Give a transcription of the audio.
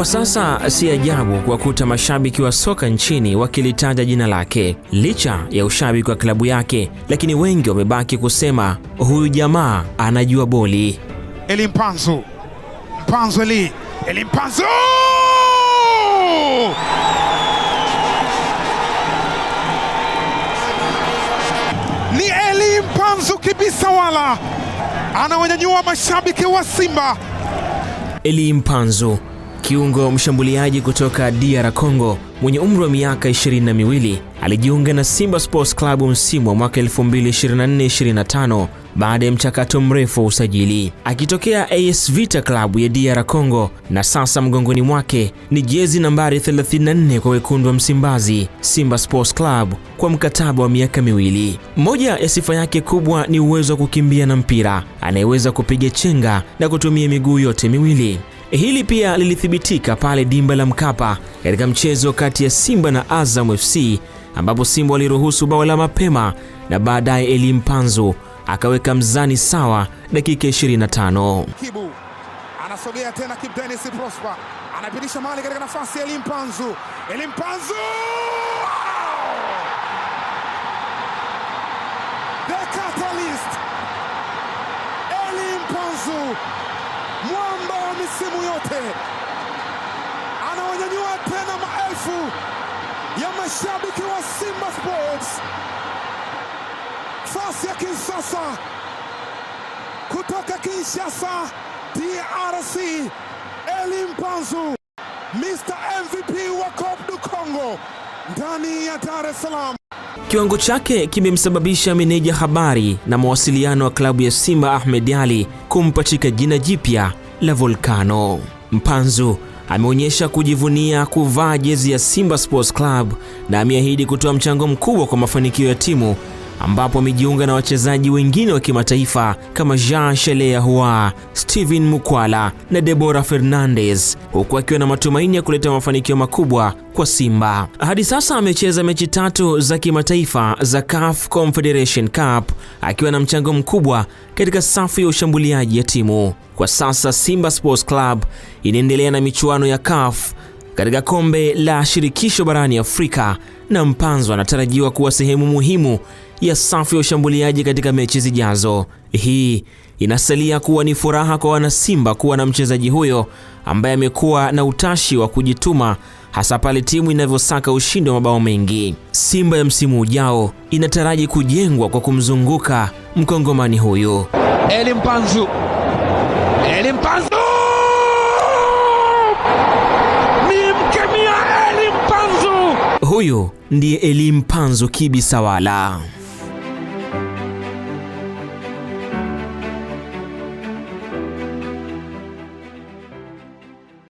Kwa sasa si ajabu kuwakuta mashabiki wa soka nchini wakilitaja jina lake licha ya ushabiki wa klabu yake, lakini wengi wamebaki kusema huyu jamaa anajua boli. Eli Mpanzu, Mpanzu Eli, Eli Mpanzu! Ni Eli Mpanzu kibisa, wala anawanyanyua mashabiki wa Simba. Eli Mpanzu Kiungo mshambuliaji kutoka DR Congo mwenye umri wa miaka 22 alijiunga na Simba Sports Club msimu wa mwaka 2024-2025 baada ya mchakato mrefu wa usajili akitokea AS Vita Club ya DR Congo, na sasa mgongoni mwake ni jezi nambari 34 kwa wekundu wa Msimbazi Simba Sports Club kwa mkataba wa miaka miwili. Moja ya sifa yake kubwa ni uwezo wa kukimbia na mpira, anayeweza kupiga chenga na kutumia miguu yote miwili. Hili pia lilithibitika pale dimba la Mkapa katika mchezo kati ya Simba na Azam FC ambapo Simba waliruhusu bao la mapema na baadaye Eli Mpanzu akaweka mzani sawa dakika 25. Kibu anasogea tena, Kibu Dennis Prosper anapitisha mali katika nafasi ya Eli Mpanzu. Eli Mpanzu the catalyst, Eli Mpanzu mwamba misimu yote, anawanyanyua tena maelfu ya mashabiki wa Simba Sports. Fasi ya kisasa kutoka Kinshasa, DRC, Eli Mpanzu, Mr MVP wa COP du Congo ndani ya Dar es Salaam. Kiwango chake kimemsababisha meneja habari na mawasiliano wa klabu ya Simba Ahmed Ally kumpachika jina jipya la Volcano. Mpanzu ameonyesha kujivunia kuvaa jezi ya Simba Sports Club na ameahidi kutoa mchango mkubwa kwa mafanikio ya timu ambapo amejiunga na wachezaji wengine wa kimataifa kama Jean Shelea Hua, Steven Mukwala na Deborah Fernandez, huku akiwa na matumaini ya kuleta mafanikio makubwa kwa Simba. Hadi sasa amecheza mechi tatu za kimataifa za CAF Confederation Cup akiwa na mchango mkubwa katika safu ya ushambuliaji ya timu. Kwa sasa Simba Sports Club inaendelea na michuano ya CAF katika kombe la shirikisho barani Afrika na Mpanzo anatarajiwa kuwa sehemu muhimu ya safu ya ushambuliaji katika mechi zijazo. Hii inasalia kuwa ni furaha kwa wanasimba kuwa na mchezaji huyo ambaye amekuwa na utashi wa kujituma hasa pale timu inavyosaka ushindi wa mabao mengi. Simba ya msimu ujao inataraji kujengwa kwa kumzunguka mkongomani huyu Eli Mpanzu. Eli Mpanzu! Huyu ndiye Elimpanzu Kibi Sawala.